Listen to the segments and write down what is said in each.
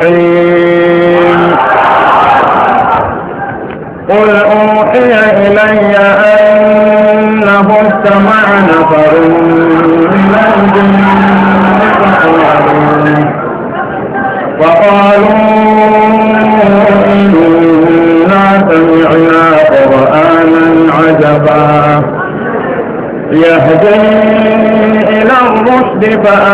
الرحيم قل أوحي إلي أنه استمع نفر من الجن فقالوا إنا سمعنا قرآنا عجبا يهدي إلى الرشد فأ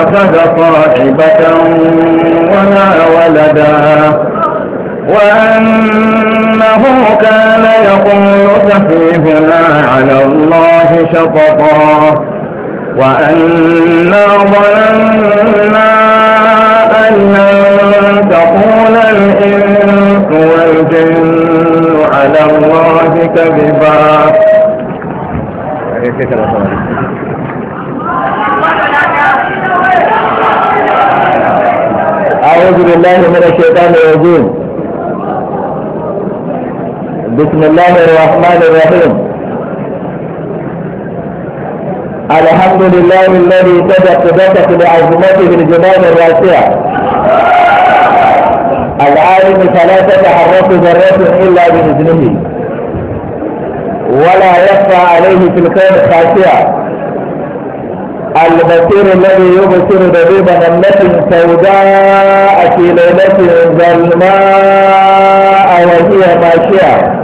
اتخذ صاحبة ولا ولدا وأنه كان يقول سفيهنا على الله شططا وأنا ظننا أن لن تقول الإنس والجن على الله كذبا بسم الله الرحمن الرحيم الحمد لله الذي تدقدقت لعظمته الجبال الراسعة العالم فلا تتحرك ذرة إلا بإذنه ولا يخفى عليه في الكون خاشعة البصير الذي يبصر دبيب نملة سوداء في ليلة ظلماء وهي ماشية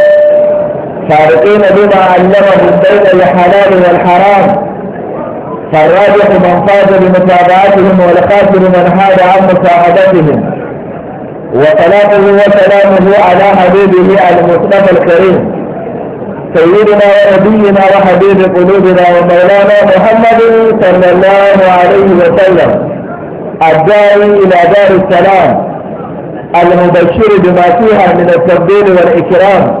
فارقين بما علمه بين الحلال والحرام فالراجح من فاز بمتابعتهم والخاسر من حاد عن مساعدتهم وصلاته وسلامه على حبيبه المصطفى الكريم سيدنا ونبينا وحبيب قلوبنا ومولانا محمد صلى الله عليه وسلم الداعي الى دار السلام المبشر بما فيها من التبديل والاكرام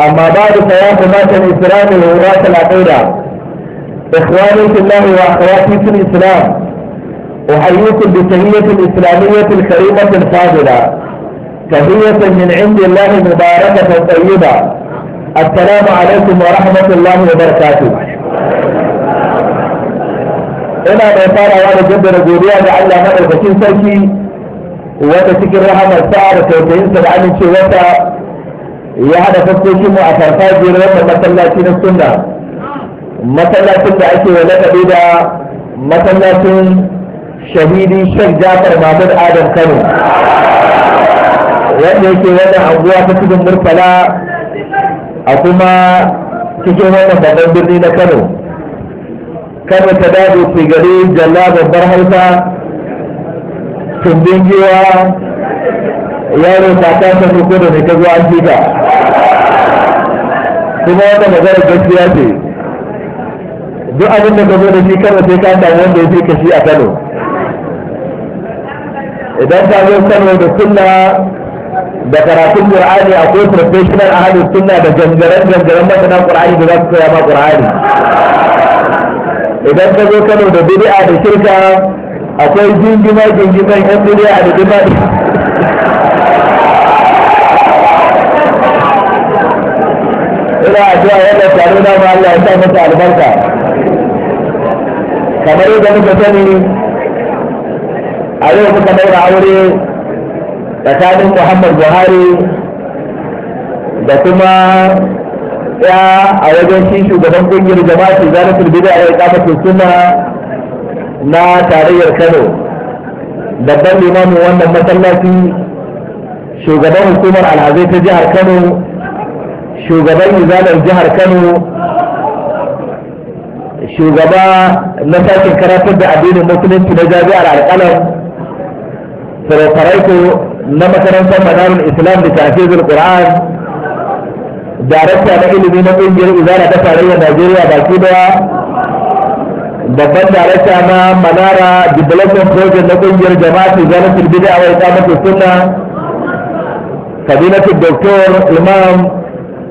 أما بعد فيا حماة الإسلام وولاة العقيدة إخواني في الله وأخواتي في الإسلام أحييكم بتهية الإسلامية الكريمة الفاضلة تهية من عند الله مباركة طيبة السلام عليكم ورحمة الله وبركاته إنا mai farawa da jaddada godiya ga Allah madaukakin sarki wata cikin rahamar sa da tausayinsa ya hada fuskokin mu a farfajiyar wannan masallaci na sunna masallacin da ake wa lakabi da masallacin shahidi shek jafar mahmud adam kano wanda yake wannan anguwa ta cikin murfala a kuma cikin wannan babban birni na kano kano ta dado gari jalla babbar hausa tumbin giwa yaro ta ta ta ko da ne ka zo an jika kuma wata magana gaskiya ce duk abin da ka zo da shi kano sai ka samu wanda ya fi ka shi a kano idan ka zo kano da sunna da karatun qur'ani akwai professional ahadin sunna da gangaren gangaren masana qur'ani da za su koya ma qur'ani idan ka zo kano da bid'a da shirka akwai jingima jingiman yan bid'a da bid'a ina addu'a wannan taro na ma Allah ya sa masa albarka kamar yadda muka sani a yau muka daura aure tsakanin Muhammad Buhari da kuma ya a wajen shi shugaban kungiyar jama'a shi zanen turbida a yau suna na tarayyar Kano babban limamin wannan masallaci shugaban hukumar alhazai ta jihar Kano shugaban izalar jihar kano shugaba na sashen karatar da addinin musulunci na jami'ar alƙalar farfaraito na makarantar manarun islam da tafizul qur'an darakta na ilimi na ƙungiyar izala ta tarayyar najeriya baki daya babban darakta na manara development project na ƙungiyar jama'a tijjanatul bid'a wa iqamatus sunna fadilatul doktor imam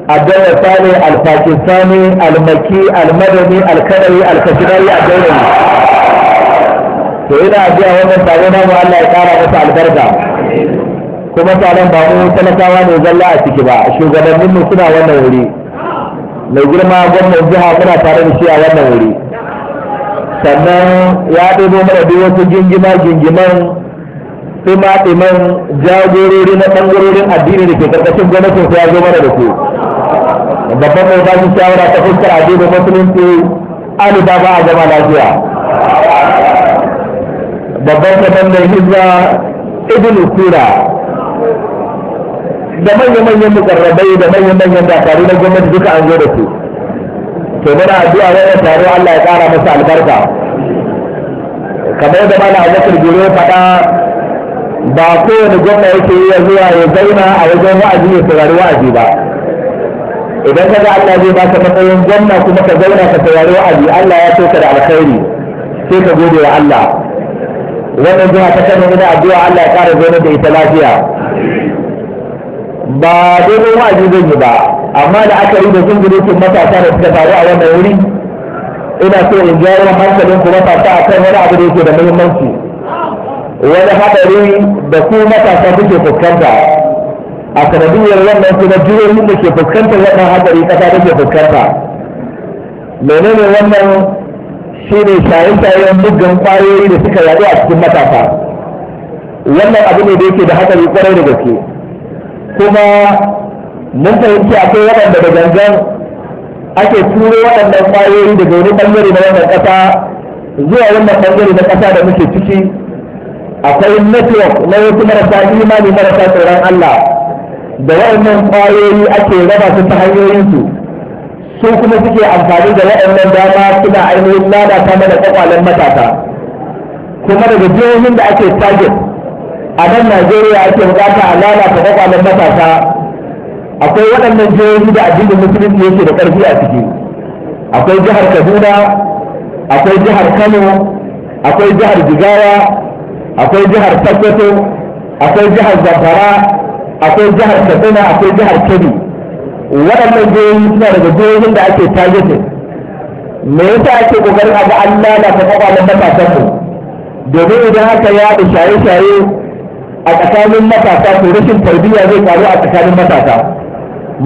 عبد الله الثاني الباكستاني المكي المدني الكندي الكشمالي الدولي to ina biya wannan tare na mu Allah ya kara masa albarka kuma taron ba mu talakawa ne zalla a ciki ba shugabannin mu suna wannan wuri mai girma gwamnan jiha muna tare da shi a wannan wuri sannan ya ɗebo mana duk wasu gingima gingiman tsima jagorori na ɓangarorin addinin da ke karkashin gwamnatin ya zo mana da su babban mai ba shi shawara ta fuskar addinin musulunci ali ba ba a zama lafiya babban kadan mai hijira ibn kura da manya-manyan mukarrabai da manya-manyan dakaru na gwamnati duka an zo da su to muna addu'a wani taro Allah ya kara masa albarka kamar da mana Abubakar Giro faɗa ba kowane gwamna yake yi zuwa ya zauna a wajen wa'azi ya saurari wa'azi ba idan ka ga Allah zai baka matsayin janna kuma ka zauna ka saurari wa'azi Allah ya soka da alkhairi sai ka gode wa Allah wannan jiha ta kano ina addu'a Allah ya kara zaune da ita lafiya ba dogon wa'azi zan yi ba amma da aka yi da zungurukin matasa da suka faru a wannan wuri ina so in jawo hankalin ku matasa a kan wani abu da yake da muhimmanci wani haɗari da ku matasa suke fuskanta a sanadiyar wannan kuma jihohin da ke fuskantar wannan hadari kasa da ke fuskanta menene wannan shi ne shaye-shayen muggan kwayoyi da suka yaɗu a cikin matasa wannan abu ne da yake da hadari kwarai da gaske kuma mun fahimci akwai waɗanda da gangan ake turo waɗannan kwayoyi daga wani ɓangare na wannan ƙasa zuwa wannan ɓangare na ƙasa da muke ciki akwai network na wasu marasa imani marasa tsoron Allah da waɗannan ƙwayoyi ake raba su ta hanyoyinsu su kuma suke amfani da waɗannan dama suna ainihin lalata mana kwakwalen matasa kuma daga jihohin da ake target a nan najeriya ake bukata a lalata kwakwalen matasa akwai waɗannan jihohi da da musulunci yake da ƙarfi a ciki akwai jihar kaduna akwai jihar kano akwai jihar jigawa akwai jihar sakkwato akwai jihar zamfara akwai jihar katsina akwai jihar kebbi waɗannan jihohi suna daga jihohin da ake targeting me yasa ake kokarin a ga an lalata kwakwalen matasan mu domin idan haka ya haɗu shaye-shaye a tsakanin matasa to rashin tarbiyya zai faru a tsakanin matasa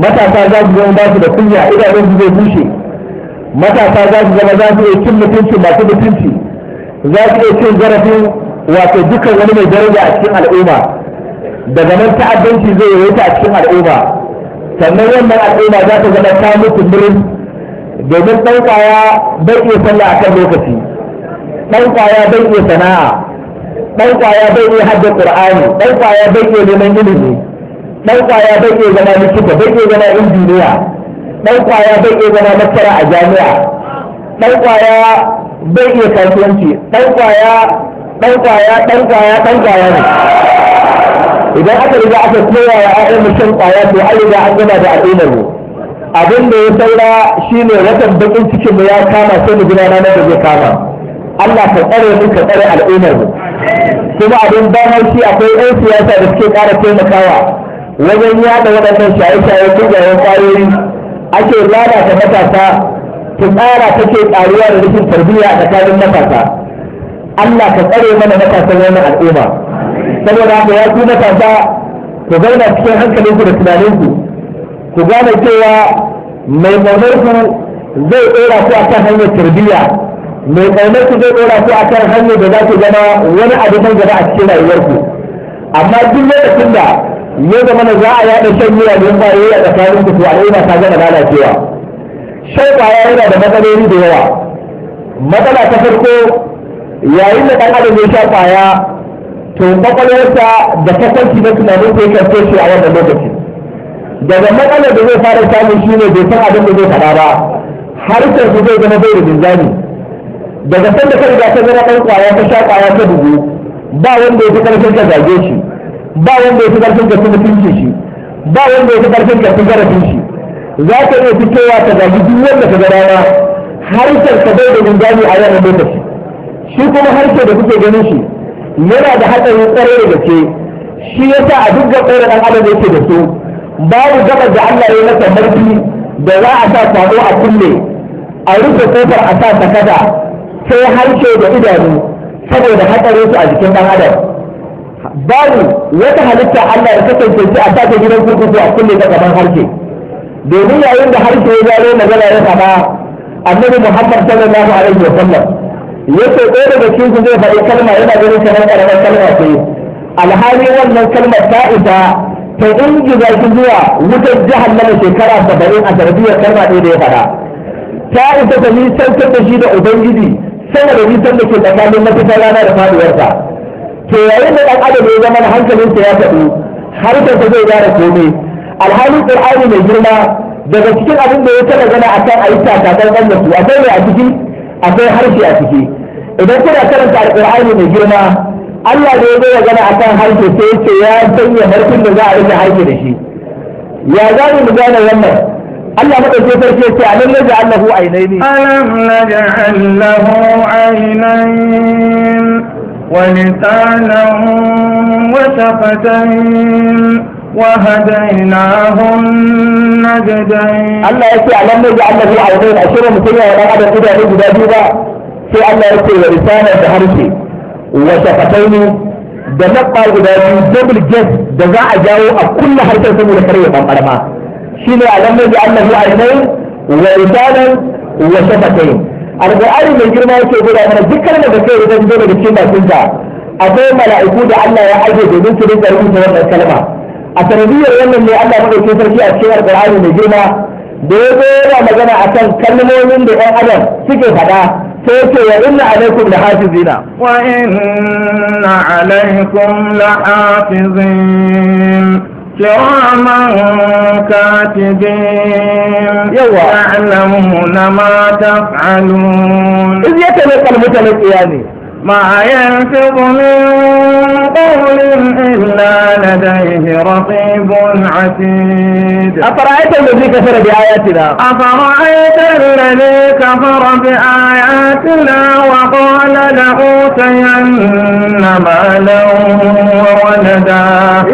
matasa za su zama ba su da kunya idanun su zai bushe matasa za su zama za su iya cin mutunci masu mutunci za su iya cin zarafin wato dukkan wani mai daraja a cikin al'umma daga nan ta'addanci zai yawaita a cikin al'umma sannan wannan al'umma za ta zama ta mutu murin domin ɗaukawa ƙwaya bai iya sallah a kan lokaci ɗaukawa ƙwaya bai iya sana'a ɗaukawa ƙwaya bai iya hajja ƙur'ani ɗaukawa ƙwaya bai iya neman ilimi ɗaukawa ƙwaya bai iya zama likita bai iya zama injiniya ɗaukawa ƙwaya bai iya zama masara a jami'a ɗaukawa ƙwaya bai iya kasuwanci ɗaukawa ɗaukawa ɗaukawa ɗaukawa ne idan aka riga aka koya wa ayyan mutum kwaya to an riga an gama da al'ummar mu abin da ya saura shine watan bakin cikin mu ya kama sai mu gina na da zai kama Allah ka tsare mu ka tsare al'ummar mu kuma abin ban shi akwai 'yan siyasa da suke ƙara taimakawa wajen yada waɗannan shaye-shaye kujayen ƙwayoyi ake lalata matasa tsara take ƙaruwa da rashin tarbiyya a tsakanin matasa Allah ka tsare mana matasan wannan al'umma saboda haka ya ku matasa ku zauna cikin hankalin ku da tunanin ku ku gane cewa mai maunar ku zai dora ku kan hanyar tarbiyya mai kaunar ku zai dora ku kan hanyar da za ku zama wani abu nan gaba a cikin rayuwar ku amma duk lokacin da ya zama na za a yaɗa shan miya don ba yayi a tsakanin ku to al'umma ta gama lalacewa shan kwaya yana da matsaloli da yawa matsala ta farko yayin da ɗan adam ya sha kwaya to kwakwalwarsa da kwakwanci na tunanin sai kan shi a wannan lokaci daga matsalar da zai fara samun shi ne bai san abin da zai faɗa ba sai su zai zama bai da binzani daga sanda kai da ka zama ɗan kwaya ka sha kwaya ka dubu ba wanda ya fi ƙarfin ka zage shi ba wanda ya fi ƙarfin ka tuna tunce shi ba wanda ya fi ƙarfin ka fi zarafin shi za ka iya fitowa ka zagi duk wanda ka gada har sai ka bai da binzani a wannan lokaci shi kuma harshe da kuke ganin shi yana da hatsari kwarai da gaske shi yasa a duk gaɓar da ɗan adam yake da su babu gabar da Allah ya masa marfi da za a sa sabo a kulle a rufe kofar a sa sakata sai harshe da idanu saboda hatsarin su a jikin ɗan adam babu wata halitta Allah da kasance shi a sa ta gidan kurkuku a kulle ta gaban harshe domin yayin da harshe ya gano magana ya faɗa annabi Muhammad sallallahu alaihi wa sallam yace ɗaya daga cikin zai faɗi kalma yana ganin kamar karamar kalma ce alhali wannan kalmar ta isa ta ingiza shi zuwa wutar jahannama shekara saba'in a tarbiyyar kalma ɗaya da ya faɗa ta isa ta nisantar da shi da ubangiji sama da nisan da ke tsakanin mafita rana da faduwarsa to yayin da ɗan adam ya zama hankalinsa ya faɗi ta zai gara komai alhali ƙur'ani mai girma daga cikin abin da ya a kan akan ayi takatar kan da su akwai mai a ciki akwai harshe a ciki idan kuna karanta alƙur'ani mai girma Allah ne zai gana akan harshe sai yace ya sanya harfin da za a rike harshe da shi ya za mu gane wannan Allah madauke sarki yace alam naj'al lahu aynaini alam naj'al lahu aynain wa lisanan wa shafatain وهديناه النجدين الله يسي على النجد أنه في عينين أشير مسيح ولا أدى كده نجد أجيبا في الله يسي ولسانا بحرشي وشفتين da labba guda biyu double jet da za a jawo a kulla harshen saboda kare ban barma shine alamai da Allah ya ainihin wa risalan wa shafatain alqur'ani mai girma yake gura mana dukkan da kai idan dole da cikin bakin akwai mala'iku da Allah ya aje domin su rinka rubuta wannan kalma a sanadiyar wannan ne Allah madaukakin sarki a cikin alqur'ani mai girma da ya zo yana magana akan kalmomin da ɗan adam suke faɗa sai ce wa inna alaikum la hafizina wa inna alaikum la hafizin كراما كاتبين يعلمون ما تفعلون إذ يتلقى المتلقيان ما ينفض من قول إلا لديه رقيب عتيد أفرأيت الذي كفر بآياتنا أفرأيت الذي كفر بآياتنا وقال لأوتين مالا وولدا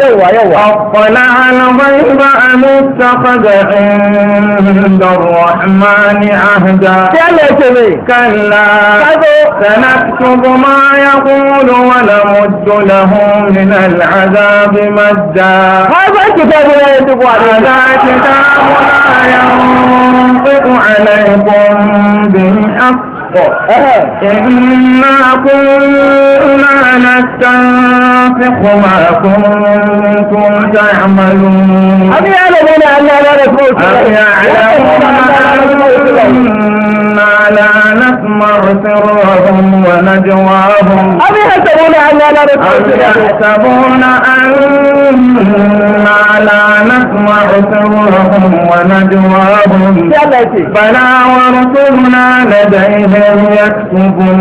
يوى يوى أطلع الغيب أم اتخذ عند الرحمن عهدا كلا سنكتب ما يقول ونمد له من العذاب مدا هذا كتاب لا ينطق علينا هذا كتاب لا ينطق عليكم بالحق إنا كنا نستنفق ما كنتم تعملون أم يعلمون أن لا نفوت أم يعلمون أن لا نفوت نسمع سرهم ونجواهم أم يحسبون أننا يحسبون أننا لا نسمع سرهم ونجواهم بلى ورسلنا لديهم يكتبون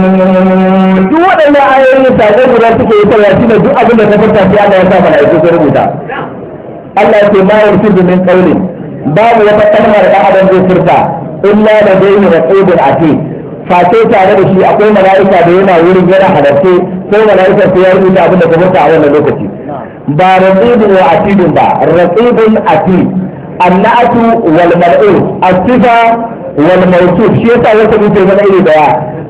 duk waɗanda ayoyin da zai guda suke yi duk ta furta sai Allah ya sa mana yake sun rubuta ya ce ma yarsu min babu wata kalmar da adam zai furta illa da dai ne da qawlin face tare da shi akwai mala'ika da yana wurin yana halarce ko mala'ika sai ya rubuta abin da ka mutu a wannan lokaci ba rasibun wa atidun ba rasibun atid annatu wal mal'u asifa wal mawsuf shi yasa ya rubuta mana iri daya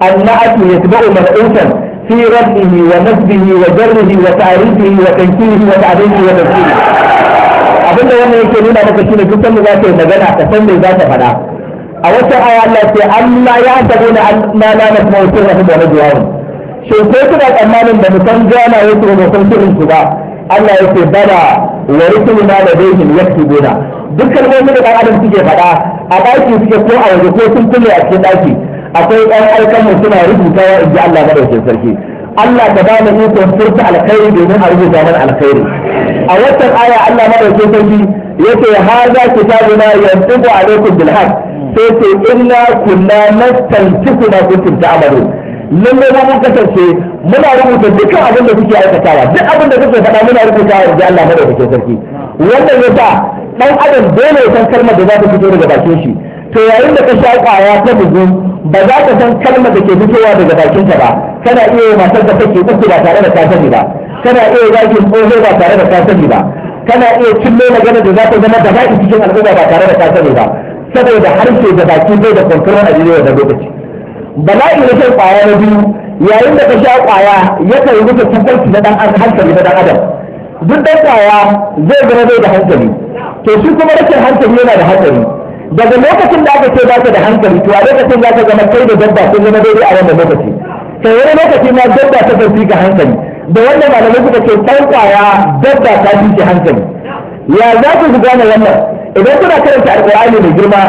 annatu yatba'u mal'utan fi rabbihi wa nasbihi wa jarrihi wa ta'rifihi wa tankihi wa ta'dihi wa tafsirihi abinda wannan yake nuna maka shine duk sanda za ka yi magana ka san me za ka faɗa a wata aya Allah ce Allah ya tabi na ma na na kuma wasu rahu da na jihar shin ko suna tsammanin da musan gana wasu da musan shirin su ba Allah ya ce bada wa rukun na da daihin yaki gona dukkan wani da ɗan adam suke faɗa a ɗaki suke ko a waje ko sun kulle a cikin ɗaki akwai ɗan aikan mu suna rubutawa in ji Allah madaukakin sarki Allah ta bani ikon furta alkhairi domin a rubuta mana alkhairi a wannan aya Allah madaukakin sarki yace hadha kitabuna yantiqu a lokacin haqq sai ce inna kunna nastantiku ma kuntum ta'malu lalle mu kasance muna rubuta dukkan abin da kuke aikatawa duk abin da kuke faɗa muna rubuta wa da Allah madaukakin sarki wannan sa dan adam dole ya san kalmar da za ta fito daga bakin shi to yayin da ka sha kwaya ta bugu ba za ka san kalmar da ke fitowa daga bakinta ba kana iya yi matar da take uku ba tare da kasani ba kana iya yi zakin tsoho ba tare da kasani ba kana iya cin magana da za ta zama da ba'i cikin al'umma ba tare da kasani ba saboda harshe da baki bai da control a jirewa da lokaci bala'i na shan kwaya na biyu yayin da ka sha kwaya yakan rufe tafarki na dan hankali na dan adam duk dan kwaya zai zama bai da hankali to shi kuma rashin hankali yana da hankali daga lokacin da aka ce za ka da hankali to a lokacin za ka zama kai da dabba sun zama daidai a wannan lokaci sai wani lokaci ma dabba ta fi ka hankali da wanda malamai suka ce san kwaya dabba ta fi hankali ya za ku gane wannan idan kuna karanta alƙur'ani mai girma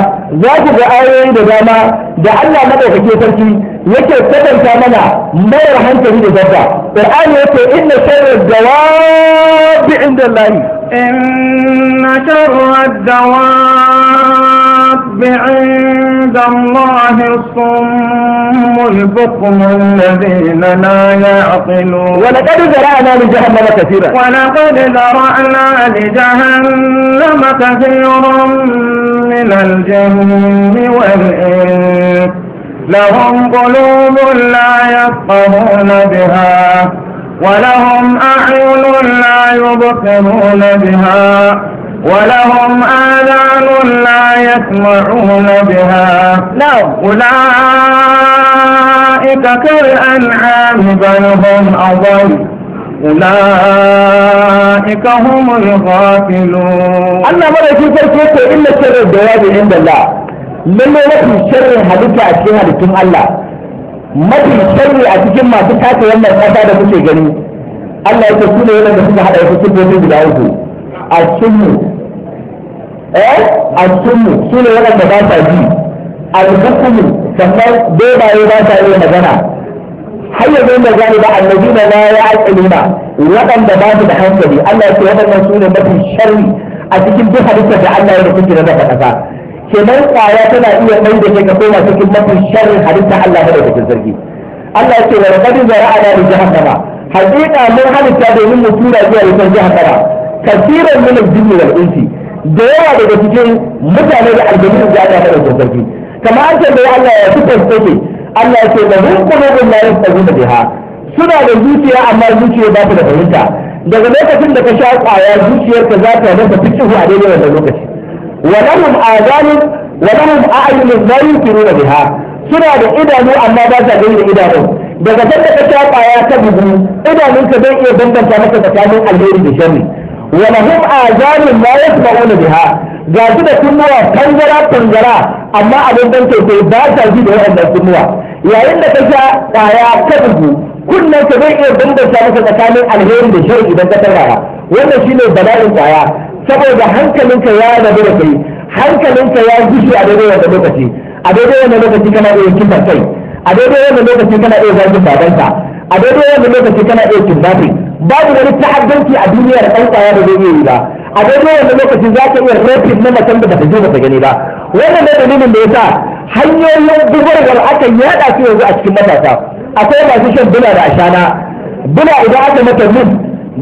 za ku ga ayoyi da dama da Allah madaukake sarki yake sabanta mana mayar hankali da dabba qur'ani yake inna sharra dawabi inda Allah inna sharra dawabi الرب عند الله الصم البكم الذين لا يعقلون ولقد ذرأنا لجهنم كثيرا ولقد ذرأنا لجهنم كثيرا من الجن والإنس لهم قلوب لا يفقهون بها ولهم أعين لا يبصرون بها ولهم آذان لا يسمعون بها نعم أولئك كالأنعام بل هم أضل أولئك هم الغافلون أنا مرة كنت فرصة إلا شر الدواب عند الله لما وفي شر حديث أشياء لكم الله mafi sharri a cikin masu tace wannan kasa da kuke gani Allah ya ce su ne da suka haɗa wasu sifofi guda uku a cikin eh asumu su ne waɗanda ba sa ji albukumu sannan bebaye ba sa iya magana har yanzu da gani ba annabi na la ya aƙali ba waɗanda ba su da hankali Allah ya ce waɗannan su ne mafi sharri a cikin duk halittar da Allah ya da kuke raba ƙasa kenan kwaya tana iya mai da ke ka koma cikin mafi sharrin halitta Allah da cikin sarki Allah ya ce wa laqad zara'ana li jahannama haqiqa mun halitta domin mu tura zuwa wutar jahannama kasiran min al-jinni wal insi da yawa daga cikin mutane da aljanu da Allah da dauka sarki kamar an ce da Allah ya fi tsaye Allah ya ce da mun kulubun la yastazuna biha suna da zuciya amma zuciya ba ta da fahimta daga lokacin da ka sha kwaya zuciyarka za ta rasa fikihu a daidai wannan lokaci wa lahum adanun wa lahum a'yunun la yusiruna biha suna da idanu amma ba sa gani da idanun daga sanda ka sha kwaya ta bugu idanunka zai iya bambanta maka tsakanin alheri da sharri ولهم آذان لا يسمعون بها ga su da kunnuwa tangara tangara amma abin dan keke ba ta ji da wannan kunnuwa yayin da ka sha kwaya ka dubu kunnen ka zai iya bambanta maka tsakanin alheri da shari idan ka tangara wannan shine bala'in kwaya saboda hankalinka ya rabu da kai hankalinka ya gushi a daidai wannan lokaci a daidai wannan lokaci kana iya kin kai a daidai wannan lokaci kana iya zagin babanka a daidai wannan lokaci kana iya kai. babu wani ta'addanci a duniyar ɗan ƙwaya da zai yi ba a daidai wanda lokacin za ka iya rafin na macen da ba ta je ba ta gani ba wannan ne dalilin da ya sa hanyoyin bugarwar aka haɗa su yanzu a cikin matasa akwai masu shan bula da ashana bula idan aka mata min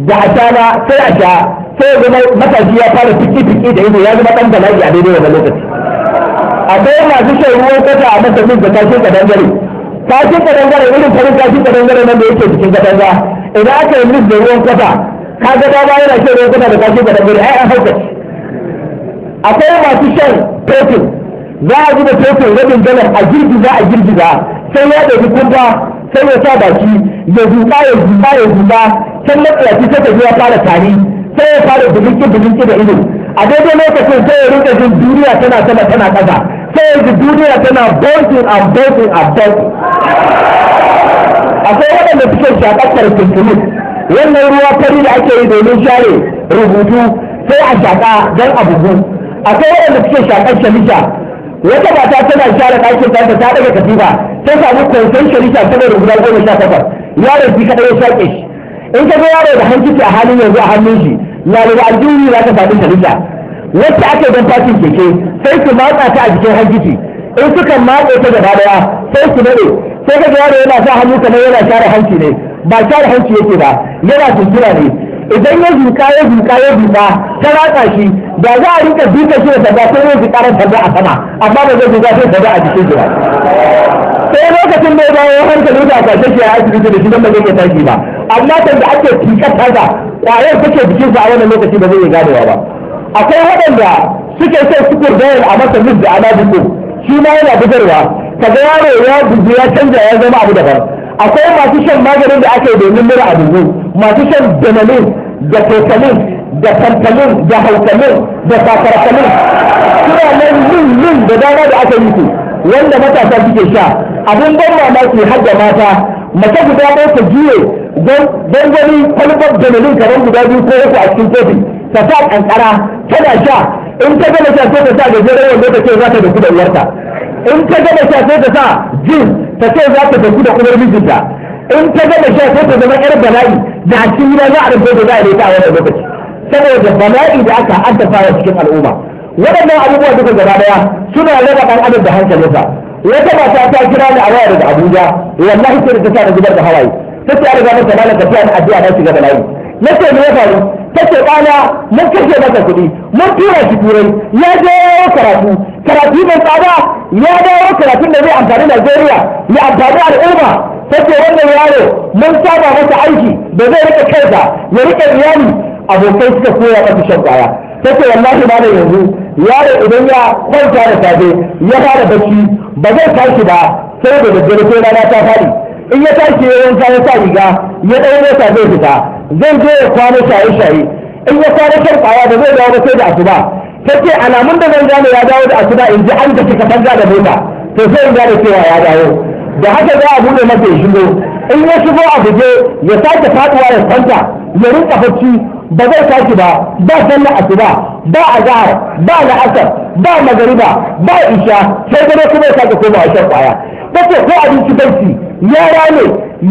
da ashana sai a sha sai ya zama matashi ya fara fiki-fiki da ido ya zama ɗan bala'i a daidai wannan lokaci akwai masu shan ruwan kasa a mata min da kashin kadangare kashin kadangare irin farin kashin kadangare nan da yake cikin kadanga idan aka yi mis da ruwan kwata ka ga ta bayan ake ruwan kwata da kashe kwata gari ai an hauka akwai masu shan fetur za a zuba fetur rabin dalar a girgiza a girgiza sai ya ɗauki kumfa sai ya sa baki ya zuba ya zuba ya zuba can matsalaci sai ta ya fara tari sai ya fara bulinki bulinki da ido a daidai lokacin sai ya rinka jin duniya tana sama tana ƙasa sai ya ji duniya tana bolting and bolting and bolting akwai waɗanda suke shaƙar tuntuni wannan ruwa fari da ake yi domin share rubutu sai a shaƙa don a bugu akwai waɗanda suke shaƙar shalisha wata mata tana share ɗakin ta ta daga katifa ta samu kwanson shalisha saboda guda goma sha takwas yaron shi kaɗai ya shaƙe shi in ka ga yaro da hankici a halin yanzu a hannun shi lalubu aljihu za ka samu shalisha wacce ake don fatin keke sai su matsa ta a jikin hankici in suka matse ta gaba daya sai su nade sai kake yaro yana sa hannu kamar yana share hanci ne ba share hanci yake ba yana tuntura ne idan ya zuka ya zuka ya zuka ta ratsa shi da za a rika duka shi da sanda sai ya zuka ran sanda a sama amma ba zai zuka sai sanda a jikin jira sai lokacin da ya dawo hankali da kwashe shi a asibiti da shi don ba zai iya tashi ba amma kan da ake tikar tarda kwayar take jikinsa a wannan lokaci ba zai gane ganewa ba akwai waɗanda suke sai sukur bayan a masa mis da ana shi ma yana bugarwa kaga yaro ya bugu ya canza ya zama abu daban akwai masu shan maganin da ake domin mura a dubu masu shan benelin da totalin da tantalin da hautalin da sakarkalin suna nan yin yin da dama da aka yi su wanda matasa suke sha abin ban mamaki har da mata mace guda ɗaya ta juye don gani kwalbar benelin kamar guda biyu ko uku a cikin kofi ta sa kankara tana sha in ta gama sha sai ta sa gajeren wanda ta ce za ta da kuɗin uwarta in ta gama sha sai ta sa jin ta ce za ta tafi da kuma mijinta in ta gama sha sai ta zama yar bala'i da a cikin za a rubuta za a rika a wannan lokaci saboda bala'i da aka haddafa a cikin al'umma waɗannan abubuwa duka gaba daya suna raba ɗan adam da hankalinsa wata mata ta kira ni a waya daga Abuja wallahi sai ta sa da zubar da hawaye tace an riga da tafiya ta addu'a na shiga bala'i nace me ya faru ta ce ɗana mun kashe masa kuɗi mun tura shi turai ya je karatu karatu mai tsada ya dawo karatun da zai amfani Najeriya ya amfani al'umma take wannan yaro mun saba masa aiki da zai rika kansa ya rika iyali abokai suka koya masa shan kwaya take wallahi ba da yanzu yaro idan ya kwanta da safe ya fara bacci ba zai tashi ba sai da daddare sai rana ta faɗi in ya tashi ya wanka ya sa riga ya ɗau mota zai fita zai je ya kwana shaye-shaye in ya kwana shan kwaya da zai dawo sai da asuba ta ce alamun da zan gane ya dawo da asuba in ji an da kika banza da mota to sai in gane cewa ya dawo da haka za a buɗe masa ya shigo in ya shigo a guje ya sake faduwa ya kwanta ya rinka bacci ba zai tashi ba ba sallar asuba ba azhar ba la'asar ba magariba ba isha sai gare kuma ya sake komawa shan kwaya kace ko abinci barci ya rame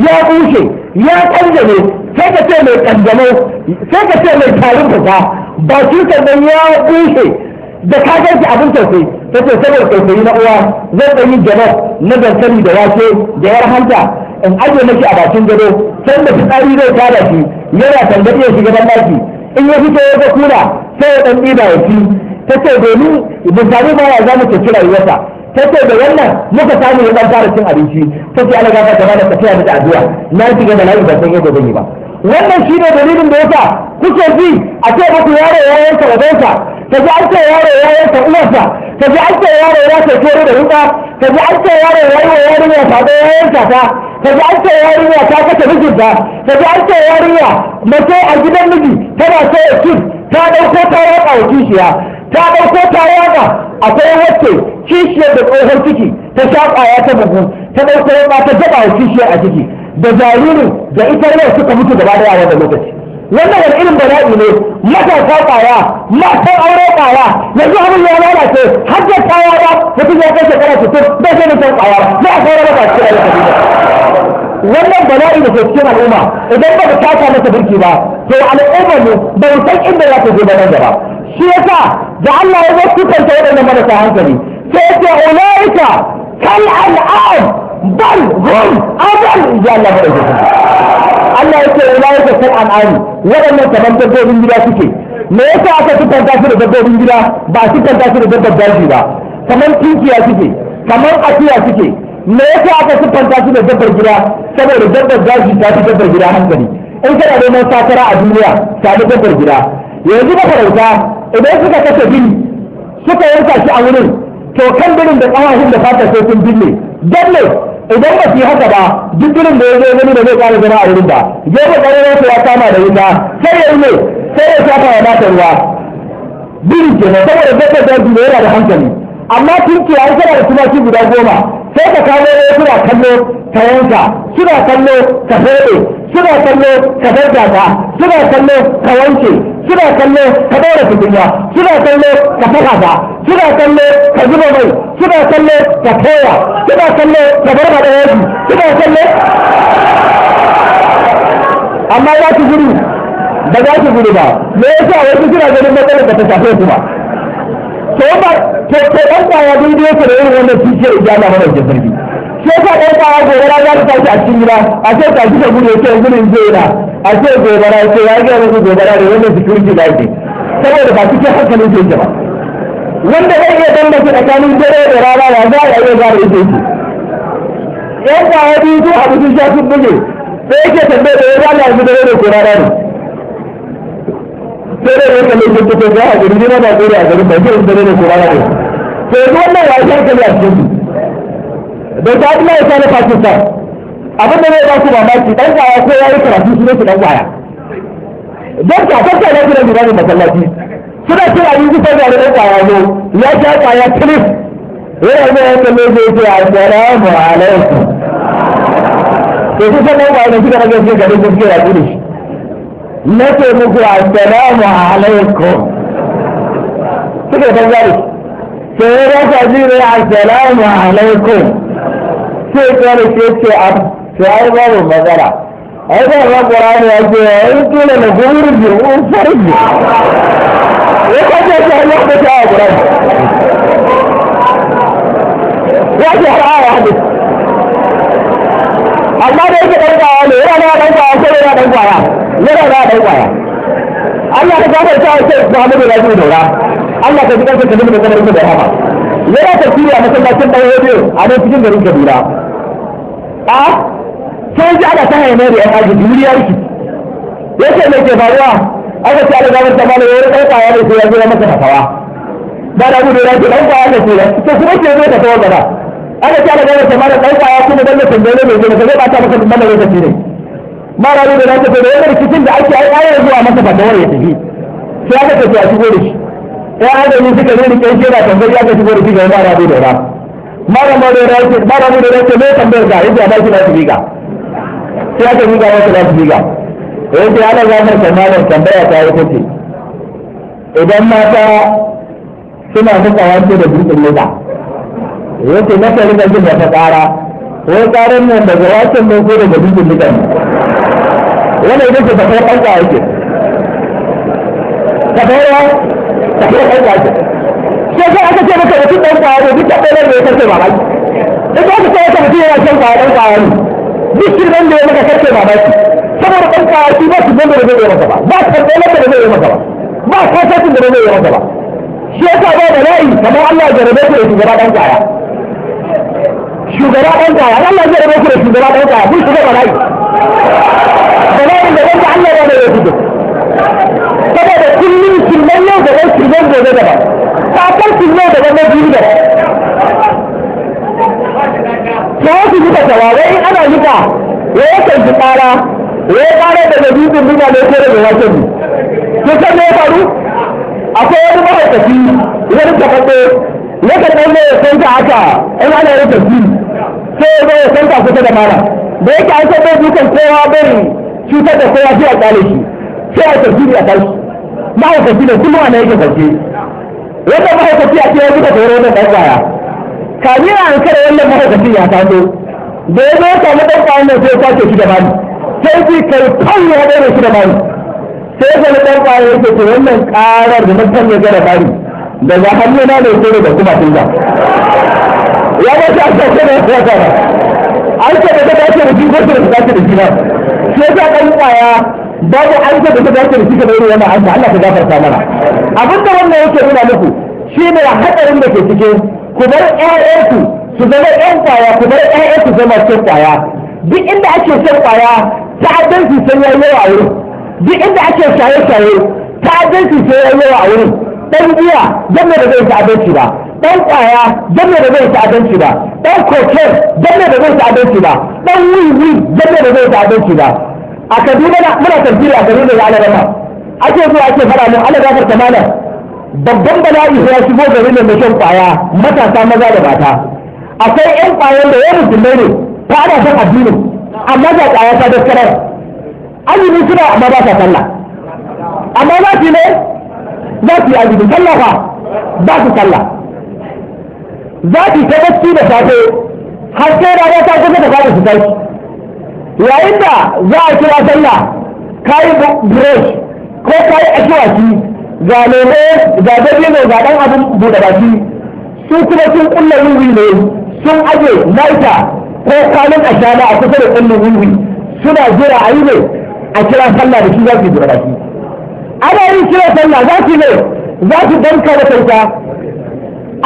ya bushe ya kanjame sai ka ce mai kanjamau sai ka ce mai tarin fuka ba ka dan ya bushe da ka ganci abin tausayi ta ce saboda tausayi na uwa zai ɗan yi jalof na dankali da wake da yar hanta in aje miki a bakin gado sai da tsari zai tada shi yana tambaye shi gaban daki in ya fito ya ga kula sai ya dan diba shi. ta ce domin bisani ba ya zamu ta kira yasa ta ce da wannan muka samu ya ɗan fara cin abinci ta ce ana gaba ta ba da tafiya da addu'a na shiga da layi ba san yadda zan yi ba wannan shi ne dalilin da yasa kuke ji a ce muku yaro ya yanka rabansa ka ji an ce yaro ya yanka uwarsa ka ji an ce yaro ya ce da wuka ka ji an ce yaro ya yi wa yarinya fado ya yanka ta ka ji an ce yarinya ta kace mijinta ka ji an ce yarinya mace a gidan miji tana so ya ci ta ɗauko ta yaƙa wa kishiya ta ɗauko ta a akwai wacce kishiyar da tsohon ciki ta sha ƙwaya ta bugu ta ɗauko ta jaɓa wa kishiyar a ciki da jaririn da ita yau suka mutu gaba da yawa da lokaci wannan wani irin bala'i ne matasa kwaya matan aure kwaya yanzu abin ya lalace hajjar kwaya ba mutum ya kai shekara tun bai sai mutum kwaya za a kawo raba cikin ayyukan wannan bala'i da ke cikin al'umma idan ba ka kasa masa birki ba to al'ummar ne ba mu san inda za ta zo ba nan gaba shi yasa da Allah ya zo kusanta waɗannan marasa hankali sai ya ce ulaika كالأنعام بل هم أضل إن da الله Allah ya ce ina yake kan al'ani waɗannan kaman dabbobin gida suke me yasa aka sukanta su da dabbobin gida ba a sukanta su da dabbar daji ba kaman tinkiya suke kaman akuya suke me yasa aka sukanta su da dabbar gida saboda dabbar daji ta fi dabbar gida hankali in kana neman sakara a duniya ta fi dabbar gida yanzu mafarauta idan suka kashe biri suka yanka shi a wurin kan birin da tsawahin da fata sai sun binne don idan ba su yi haka ba duk birnin da ya zo wani da zai kara zama a wurin ba ya ga ƙarfi ya kama da wuta sai ya yi ne sai ya shafa wa matan ruwa birnin ke na saboda zaka da yana da hankali amma tun ke an kana da tumaki guda goma sai ka kawo ne suna kallo ka yanka suna kallo ka fere suna kallo ka suna kallo ka wanke suna kallo ka daura suna kallo ka saka ta kina kallo ka zuba mai kina kallo ka koya kina kallo ka barba da yaji kina kallo amma za ki gudu ba za ki gudu ba me yasa wasu kina ganin matsala da ta shafe su ba to ba to to dan kwaya daidai yake da irin wannan kishiyar ijama mara ke sarki sai ka dan kwaya gobara za ta tashi a cikin gida a ce ka ji ka gudu ce gudun zai da a ce gobara ce ya ga muku gobara da wannan security light saboda ba cikin hankalin ke ba wanda zai iya su tsakanin dare da rana ya za a iya gane ita shi yan kawo biyu a abu sun sha sun buge sai yake tambaye da ya za su dare da ko rana ne sai da ya lokacin tafiya kuka za a gari ne ba dole a gari ba sai dare da ko rana ne to yanzu wannan ya sha kalli a cikin da ta kuma ya sa na Pakistan abin da zai ba su mamaki dan kwaya ko ya yi karatu su ne su dan kwaya don ka tattala gidan da masallaci suna cin abinci sai da rubuta ya zo ya sha kwaya tilis yana zuwa ya kalle zai ce assalamu alaikum to su sanan ba da kika rage shi garin gaskiya ya gudu na ce muku assalamu alaikum suka ta zari sai ya ka ji ne assalamu alaikum sai ya ce ce a sai ai babu magana ऐसा हुआ कुरान ऐसे है कि मजबूर भी वो फर्ज भी देखो क्या चाहिए तो क्या है कुरान है अल्लाह ने कहा मेरा ना नहीं कहा ऐसे मेरा नहीं पाया मेरा ना नहीं पाया अल्लाह ने कहा ऐसा ऐसे मोहम्मद में मौजूद होगा अल्लाह के जिक्र से कदम में में बैठा था मेरा तस्वीर है मतलब मैं सिर्फ नहीं होती अरे किसी गरीब कबीरा आप sai ji ana ta hanyar da jimiri ya riki ya ce mai ke faruwa aka ce ala zamar tamar da wani ɗauka ya rike ya zo masa fasawa ba da gudu ya ce ɗauka ya rike ya ce kuma ce zai tafi wanda ba aka ce ala zamar tamar da ɗauka ya kuma da tambaye mai zai zai ba ta masa ban da lokaci ne ma da gudu ya ce da ta rikicin da ake ai ayar zuwa masa fasawar ya tafi sai aka ce a shigo da shi ya adami suka ne rike shi yana tambaye ya ka shigo da shi ga wani ma da gudu ya ce ma da gudu ya ce mai tambayar ga yadda ya ba shi na shi ga sai aka miƙa masa za su miƙa wai sai ana zafar kamalar tambaya ta yi kace idan mata suna fuka wanke da dutsen mota yace na kai rika jin wata ƙara wai ƙarar nan daga wancan ne ko daga dutsen mota ne wannan ita ce tafiyar ƙanƙa yake tafiyarwa tafiyar ƙanƙa yake sai sai aka ce maka mutum ɗan ƙwaro duk da ɗaya ne ya kace ba ba ita aka ce maka mutum yana shan ƙwaro ɗan ƙwaro duk shirman da ya maka kake mamaki saboda ɗan yi ba su da zai yi masa ba ba su ɗan da zai yi masa ba ba kasashen da zai yi masa ba shi yasa ba bala'i kamar Allah ya rabe ku da shugaba ɗan kaya shugaba ɗan kaya Allah ya rabe ku da shugaba ɗan kaya duk shugaba bala'i bala'in da wanda Allah ya rabe ku saboda kullum shirman yau da ɗan shirman gobe da ba kakar shirman da wanda biyu da ko su suka tawa wai in ana nika wai ya kai tsara wai tsara da da dukkan duka da ke da waken ne ko san me faru akwai wani mahaukaci wani tafaɗo ya kan ɗan ya sanka haka in ana yin tafi sai ya zo ya sanka kusa da mara da yake an san bai dukan kowa bai cutar da kowa zuwa a shi sai a tafi a kai mahaifafi ne kuma ana yake tafi wanda mahaifafi a ce ya zuka wani da ɗan kami a hankali wannan ya taso da ya zo samu ɗan nan sai ya shi da bani sai shi ya shi da bani sai ya ɗan ya ce wannan ƙarar da gara bani ne da kuma ya shi a sassan da ya an ce da ta dace da shi ko ta dace da shi ba sai ta ɗan ƙwaya babu an ce da ta dace da shi ka wannan an Allah ka gafarta mana abinda wannan yake nuna muku shine hadarin da ke cikin ku bar ƴaƴanku su zama ƴan kwaya ku bar ƴaƴanku zama ƴan kwaya duk inda ake shan kwaya ta'addanci sai ya yawa a wurin duk inda ake shaye-shaye ta'addanci sai ya yawa a wurin dan giya dan da zai abinci ba dan kwaya dan da zai abinci ba dan kokin dan da zai abinci ba dan wiwi dan da zai ta'addanci ba a kaduna muna tafsiri a kaduna da alarama ake zuwa ake fara mu alaga ta malam babban bala'i ya shigo gari ne mai shan kwaya matasa maza da mata akwai yan kwayan da ya musulmai ne ta ana son addini amma ga kwaya ta karar. azumi suna amma ba sa sallah amma za su ne za su yi azumi sallah ba ba su sallah za su ta gaske da safe har sai rana ta kusa ta fara su sai yayin da za a kira sallah kayi brush ko kayi ashwaki ga lemo ga dabino ga dan abin buɗe baki su kuma sun kulla wiwi ne sun aje laita ko kalin ashana a kusa da kullun wiwi suna jira a yi ne a kira sallah da shi za su buɗe baki ana yin kira sallah za su ne za su danka da kanka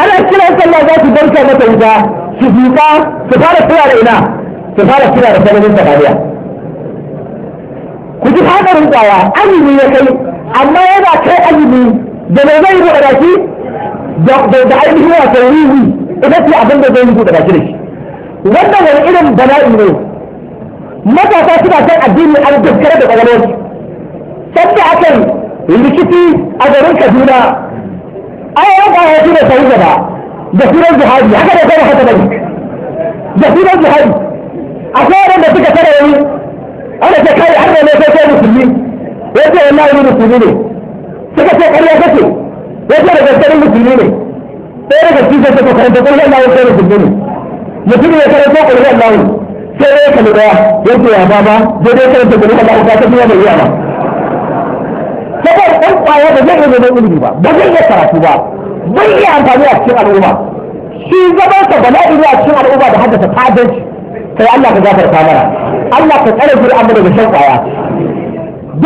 ana kira sallah za su danka da kanka su duka su fara kira da ina su fara kira da sanarin samariya ku ji hadarin tsawa, amini ya kai amma yana kai azumi da me zai buɗe baki da ainihin wasan wiwi ita ce abin da zai yi buɗe baki da shi wannan wani irin bala'i ne matasa suna kan addini an gaskara da ƙwaƙwalwarsu sanda aka yi rikici a garin kaduna an yanka ya shi da sayi gaba da sunan jihadi haka da zama haka bane da sunan jihadi a sauran da suka tara yi ana ta kai har da ne sai sai musulmi ya ce wallahi ni musulmi ne suka ce ƙarya kake ya ce da gaske musulmi ne da daga cikin ta karanta ƙarya Allah ya kai musulmi ne mutum ya karanta ƙarya Allah sai ya kalli daya ya ya baba zai dai karanta ƙarya Allah ta tafiya da iya ba saboda ɗan ƙwaya ba zai iya zama ilimi ba ba zai iya karatu ba bai iya amfani a cikin al'umma shi zama sa bala'i ne a cikin al'umma da haddasa ta'addanci sai Allah ka gafarta mana Allah ka tsare shi amma daga shan ƙwaya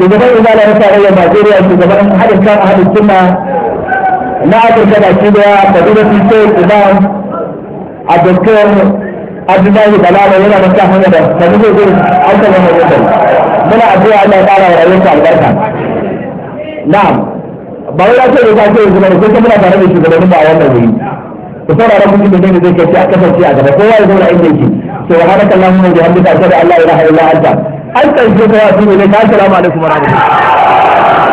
shugaban izala na tarayyar najeriya shugaban haɗin kan haɗin suna na afirka da shi da fadilatun shehu imam a doktor abdullahi balala yana da sa hanyar da ta zuwa zuwa an taɓa mai muna addu'a Allah ya ƙara wa rayuwarsa albarka na'am ba wai ya ce da ta ce zuwa da kusa muna tare da shugabannin ba a wannan wuri ku saurara mutum da zai da zai kai a kasance a gaba kowa ya zo da inda yake subhanakallahumma wa bihamdika ashhadu an la ilaha illa anta an ƙarshe ta wasu ne ka salamu alaikum wa rahmatullahi